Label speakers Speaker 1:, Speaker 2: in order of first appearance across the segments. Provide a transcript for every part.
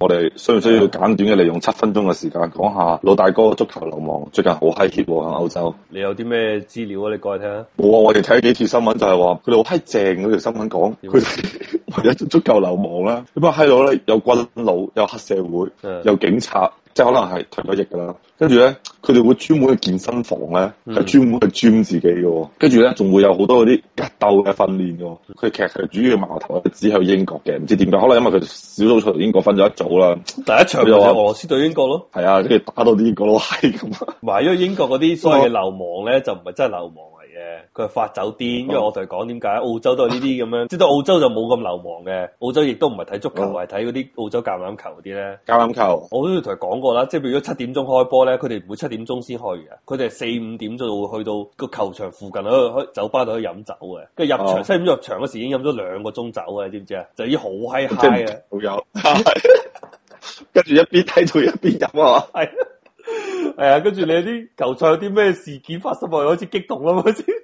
Speaker 1: 我哋需唔需要簡短嘅利用七分鐘嘅時間講下老大哥足球流氓最近好閪熱喺歐洲？
Speaker 2: 你有啲咩資料啊？你講嚟聽下。
Speaker 1: 冇啊、哦，我哋睇幾次新聞就係話佢哋好閪正嗰條新聞講佢哋為咗足球流氓啦，咁啊閪佬咧有軍佬，有黑社會，有警察。即係可能係退咗役噶啦，跟住咧，佢哋會專門、嗯、去健身房咧，係專門去 gym 自己嘅、哦。跟住咧，仲會有好多嗰啲格鬥嘅訓練嘅。佢其實主要嘅矛頭只係英國嘅，唔知點解，可能因為佢小組賽同英國分咗一組啦。第一場就係俄羅
Speaker 2: 斯對英國咯。係啊，跟
Speaker 1: 住打到啲英國佬係咁啊。
Speaker 2: 唔因為英國嗰啲所謂流氓咧，嗯、就唔係真係流氓。佢係發酒癲，哦、因為我同佢講點解澳洲都係呢啲咁樣，即係 澳洲就冇咁流氓嘅，澳洲亦都唔係睇足球，係睇嗰啲澳洲橄欖球啲咧。橄欖球，我都同佢講過啦，即、就、係、是、如果七點鐘開波咧，佢哋唔會七點鐘先去嘅，佢哋係四五點就會去到個球場附近喺酒吧度去飲酒嘅。跟住入場，七點、哦、入場嗰時已經飲咗兩個鐘酒嘅，你知唔知啊？就已經好嗨嗨好有，跟住一邊睇到一邊飲啊，係、 啊，係 啊，跟住你啲球賽有啲咩事件發生啊，又開始激動啦，好似。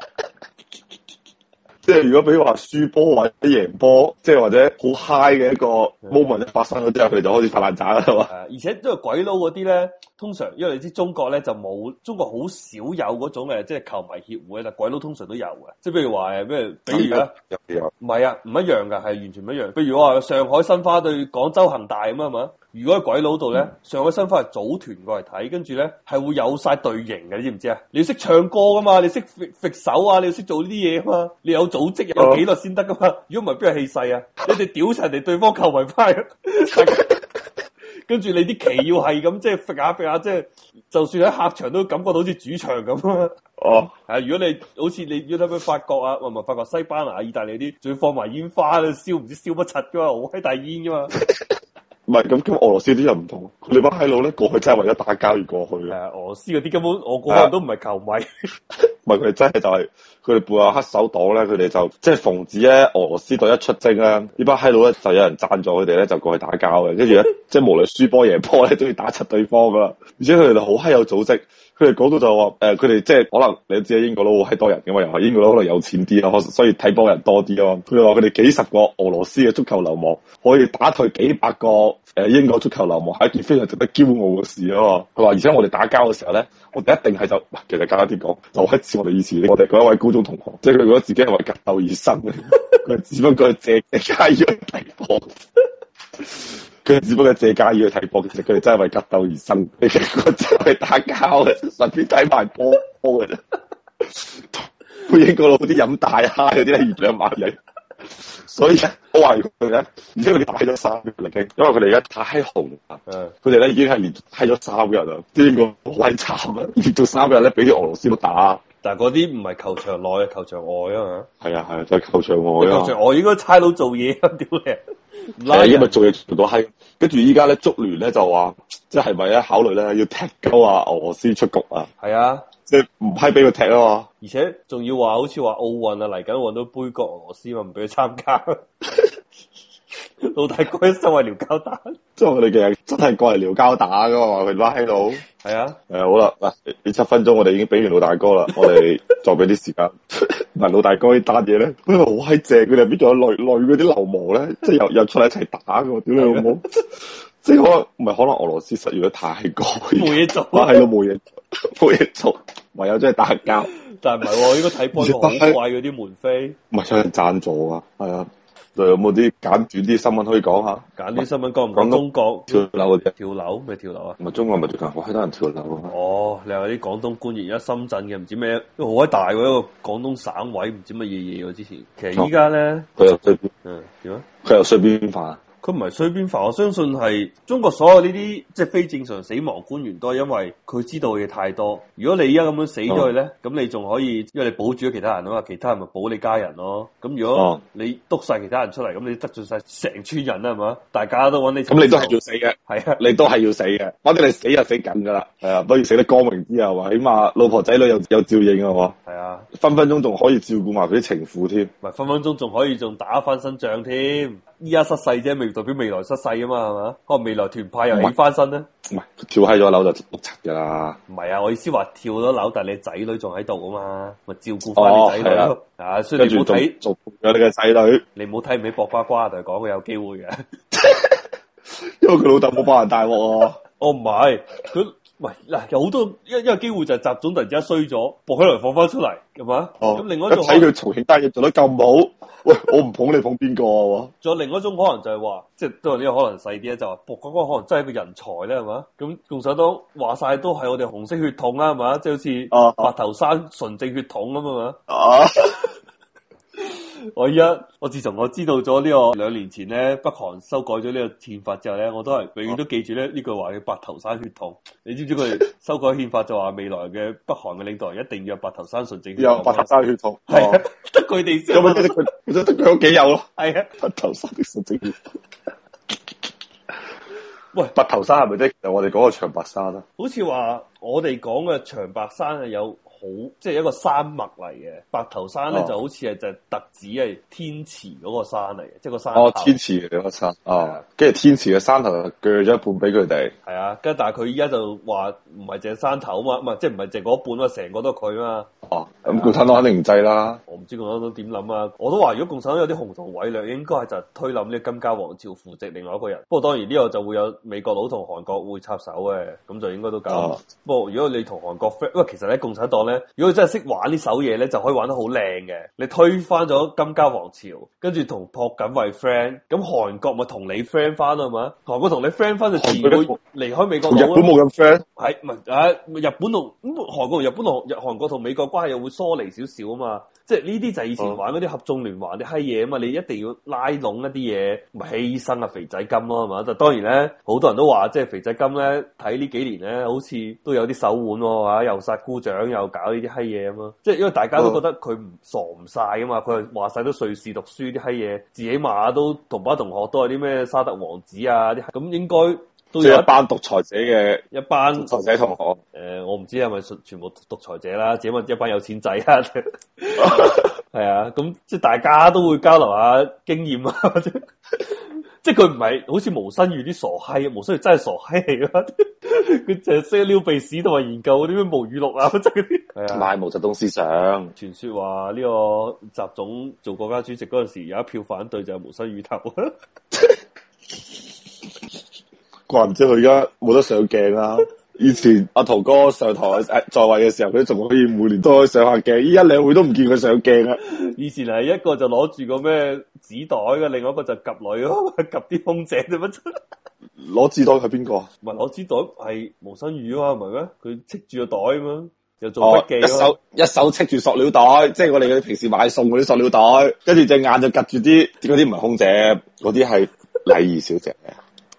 Speaker 1: 即係如果比如話輸波或者贏波，即係或者好 high 嘅一個 moment 發生咗之後，佢哋就開始發爛渣啦，係嘛？
Speaker 2: 而且即係鬼佬嗰啲咧，通常因為你知中國咧就冇，中國好少有嗰種誒，即係球迷協會，但鬼佬通常都有嘅。即係譬如話誒，咩？比如咧，唔係啊，唔一樣噶，係、啊、完全唔一樣。譬如我話上海申花對廣州恒大咁啊嘛，如果喺鬼佬度咧，上海申花係組團過嚟睇，跟住咧係會有晒隊形嘅，你知唔知啊？你要識唱歌噶嘛？你識揈揈手啊？你識做呢啲嘢啊嘛，啊啊啊？你有，啊？你有組織有幾耐先得噶嘛？如果唔係邊個氣勢啊！你哋屌晒人哋 對方球迷派、啊， 跟住你啲旗要係咁，即係揈下揈下，即係就算喺客場都感覺到好似主場咁、喔、啊！哦，係如果你好似你，要有佢法國啊？唔係法國西班牙意大利啲仲要放埋煙花啊，燒唔知燒乜柒噶嘛，好閪大煙噶嘛！
Speaker 1: 唔係咁，咁俄羅斯啲人唔同，佢哋班閪佬咧過去真係為咗打交而過去嘅。俄
Speaker 2: 羅斯嗰啲根本我個人都唔係球迷，
Speaker 1: 唔係佢真係就係、是。佢哋背下黑手黨咧，佢哋就即係防止咧俄羅斯隊一出征咧，班黑佬呢班閪佬咧就有人贊助佢哋咧，就過去打交嘅。跟住咧，即係無論輸波贏波咧，都要打柒對方噶啦。而且佢哋就好閪有組織，佢哋講到就話誒，佢、呃、哋即係可能你知啊，英國佬好閪多人嘅嘛，又係英國佬可能有錢啲啊，所以睇波人多啲啊。嘛。」佢哋話佢哋幾十個俄羅斯嘅足球流氓可以打退幾百個誒英國足球流氓，係一件非常值得驕傲嘅事啊！嘛。」佢話而且我哋打交嘅時候咧，我哋一定係就其實簡單啲講，就好似我哋以前我哋一位觀眾同學，即係佢如果自己係為格鬥而生嘅，佢只不過借嘉怡睇波，佢只 Ball,、欸、 不過借嘉怡去睇波，其實佢哋真係為格鬥而生，佢真係打交嘅，順便睇埋波波嘅啫。英國佬啲飲大 high 嗰啲咧，兩萬幾，所以咧我懷疑佢哋咧，而且佢哋打咗三日零，因為佢哋而家太紅啊，佢哋咧已經係連睇咗三日啦，英國好鬼慘啊，連到三日咧，俾啲俄羅斯都打。
Speaker 2: 但係嗰啲唔係球場內啊，球場外啊
Speaker 1: 嘛。係啊係啊，就係球場外、啊、球場
Speaker 2: 外應該差佬做嘢啊，屌你！係、 like 人啊、因為
Speaker 1: 做嘢做到閪，跟住依家咧足聯咧就話，即係咪咗考慮咧要踢鳩啊俄羅斯出局啊。
Speaker 2: 係啊，即係唔閪俾佢踢啊嘛。而且仲要話好似話奧運啊嚟緊搵到杯葛俄羅斯啊，唔俾佢參加。 老大哥一作為撩交打，
Speaker 1: 即係我哋其實真係過嚟撩交打噶嘛？佢拉閪佬，係 啊，係、呃、好啦。嗱，呢七分鐘我哋已經俾完老大哥啦， 我哋再俾啲時間。嗱，老大哥呢單嘢咧，因為好閪正，佢哋邊仲有累累嗰啲流氓咧，即係又又出嚟一齊打嘅，屌你老母！ 啊、即係可能，唔係可能俄羅斯失業率太高，冇嘢做，拉閪度冇嘢冇嘢做，唯有真係打交，
Speaker 2: 但係唔係喎，應該睇波好貴嗰啲門飛，
Speaker 1: 唔係有人贊助啊，係啊。就有冇啲簡短啲新聞可以講下？
Speaker 2: 揀啲新聞講。講唔講中國跳樓，跳樓咪跳樓啊！咪中國
Speaker 1: 咪最近好閪多人跳樓、
Speaker 2: 啊。哦，你話啲廣東官員而家深圳嘅唔知咩，都好閪大喎、啊、一個廣東省委唔知乜嘢嘢喎之前。其實依家咧，佢又
Speaker 1: 衰邊？嗯，點啊？佢又衰邊塊、啊？
Speaker 2: 佢唔係隨便犯，我相信係中國所有呢啲即係非正常死亡官員，都係因為佢知道嘅嘢太多。如果你而家咁樣死咗去咧，咁、嗯、你仲可以，因為你保住咗其他人啊嘛，其他人咪保你家人咯。咁如果你督晒其他人出嚟，咁你得罪晒成村人啦，係嘛？大家都揾你，咁、嗯、你都係要死嘅，係啊，你都係要死
Speaker 1: 嘅，反正你死又死緊噶啦，係啊，不如死得光明之啊嘛，起碼老婆仔女有有照應啊嘛，係啊分分、嗯，分分鐘仲可以照顧埋佢啲情婦添，
Speaker 2: 咪分分鐘仲可以仲打翻身仗添。依家失勢啫，未代表未來失勢啊嘛，係嘛？嗰個未來團派又起翻身咧？
Speaker 1: 唔係，跳低咗樓就碌柒噶啦。
Speaker 2: 唔係啊，我意思話跳咗樓，但係你仔女仲喺度啊嘛，咪照顧翻你仔女。哦，啊，所以你唔睇然後，做咗你嘅仔女。你唔好睇唔起薄瓜瓜，同講佢有機會嘅。 因為佢老豆冇幫人大鑊啊。哦、 oh,，唔係佢。喂，嗱有好多，一一個機會就係習總突然之間衰咗，薄熙來放翻出嚟，係嘛？哦，咁另外一種睇佢
Speaker 1: 重慶單嘢做得咁好，喂，我唔捧你捧邊個啊？仲
Speaker 2: 有另外一種可能就係話，即係都有呢個可能細啲咧，就話薄嗰個可能，就是、哥哥可能真係一個人才咧，係嘛？咁共產黨話晒都係我哋紅色血統啦，係嘛？即、就、係、是、好似白頭山純正血統咁啊嘛。 我而家，我自從我知道咗呢個兩年前咧，北韓修改咗呢個憲法之後咧，我都係永遠都記住咧呢句話，叫白頭山血統。你知唔知佢哋修改憲法就話未來嘅北韓嘅領導人一定要有白頭山純正血統。血有白頭山血統，係得佢哋，有冇得佢？得佢屋
Speaker 1: 企有咯。係啊， 的白頭山純正血統。血喂，白頭山係咪啫？就我哋講嘅長白山啊？
Speaker 2: 好似話我哋講嘅長白山係有。好，即係一個山脈嚟嘅，白頭山咧、哦、就好似係就係、特指係天池嗰個山嚟嘅，即係個山、哦、山。哦，啊、天
Speaker 1: 池嘅山，哦，跟住天池嘅山頭鋸咗一半俾佢哋。
Speaker 2: 係啊，跟住但係佢依家就話唔係淨係山頭啊嘛，唔係即係唔係淨係嗰半啊，成個都係佢啊嘛。
Speaker 1: 咁、啊嗯、共產黨肯定唔制啦。
Speaker 2: 嗯、我唔知共產黨點諗啊。我都話如果共產黨有啲紅同位咧，應該係就是推冧呢金家王朝，扶植另外一個人。不過當然呢個就會有美國佬同韓國會插手嘅，咁就應該都夠。啊、不過如果你同韓國 friend，喂，其實咧共產黨咧，如果你真係識玩呢首嘢咧，就可以玩得好靚嘅。你推翻咗金家王朝，跟住同朴槿惠 friend，咁韓國咪同你 friend 翻咯、啊、嘛？韓國同你 friend 翻就辭去離開美國。國日本冇咁 friend。係、哎，唔係啊？日本同韓國，日本同日韓國同美國關。又會疏離少少啊嘛，即係呢啲就以前玩嗰啲合縱連橫啲閪嘢啊嘛，你一定要拉攏一啲嘢，咪係犧牲啊肥仔金咯係嘛，但當然咧，好多人都話即係肥仔金咧，睇呢幾年咧，好似都有啲手腕喎、啊、又殺姑丈，又搞呢啲閪嘢咁嘛。即係因為大家都覺得佢唔 傻唔晒啊嘛，佢話晒都瑞士讀書啲閪嘢，自起碼都同班同學都係啲咩沙特王子啊啲，咁應該。都有一班獨裁者嘅一班獨裁者同學，誒我唔知係咪全部獨裁者啦，只問一班有錢仔，係 啊、 嗯，咁即係大家都會交流下經驗啊， 即係佢唔係好似毛新宇啲傻閪，毛新宇真係傻閪嚟咯，佢淨係識撩鼻屎同埋研究嗰啲咩毛語錄啊， 即係嗰啲係啊，同毛
Speaker 1: 澤東思想
Speaker 2: 傳説話呢個習總做國家主席嗰陣時有一票反對就係毛新宇投
Speaker 1: 我話唔知佢而家冇得上鏡啦。以前阿、啊、濤哥上台誒在位嘅時候，佢仲可以每年都可以上下鏡。依家兩會都唔見佢上鏡啊。
Speaker 2: 以前係一個就攞住個咩紙袋嘅，啊，另外一個就夾女咯，夾啲空姐做乜？攞 紙袋係邊個？唔係攞紙袋係毛新宇啊？係咪咩？佢戚住個袋啊嘛，就做筆記咯，啊哦。一手
Speaker 1: 一手戚住塑料袋，即係我哋嗰啲平時買餸嗰啲塑料袋，跟住隻眼就夾住啲嗰啲唔係空姐，嗰啲係禮儀小姐。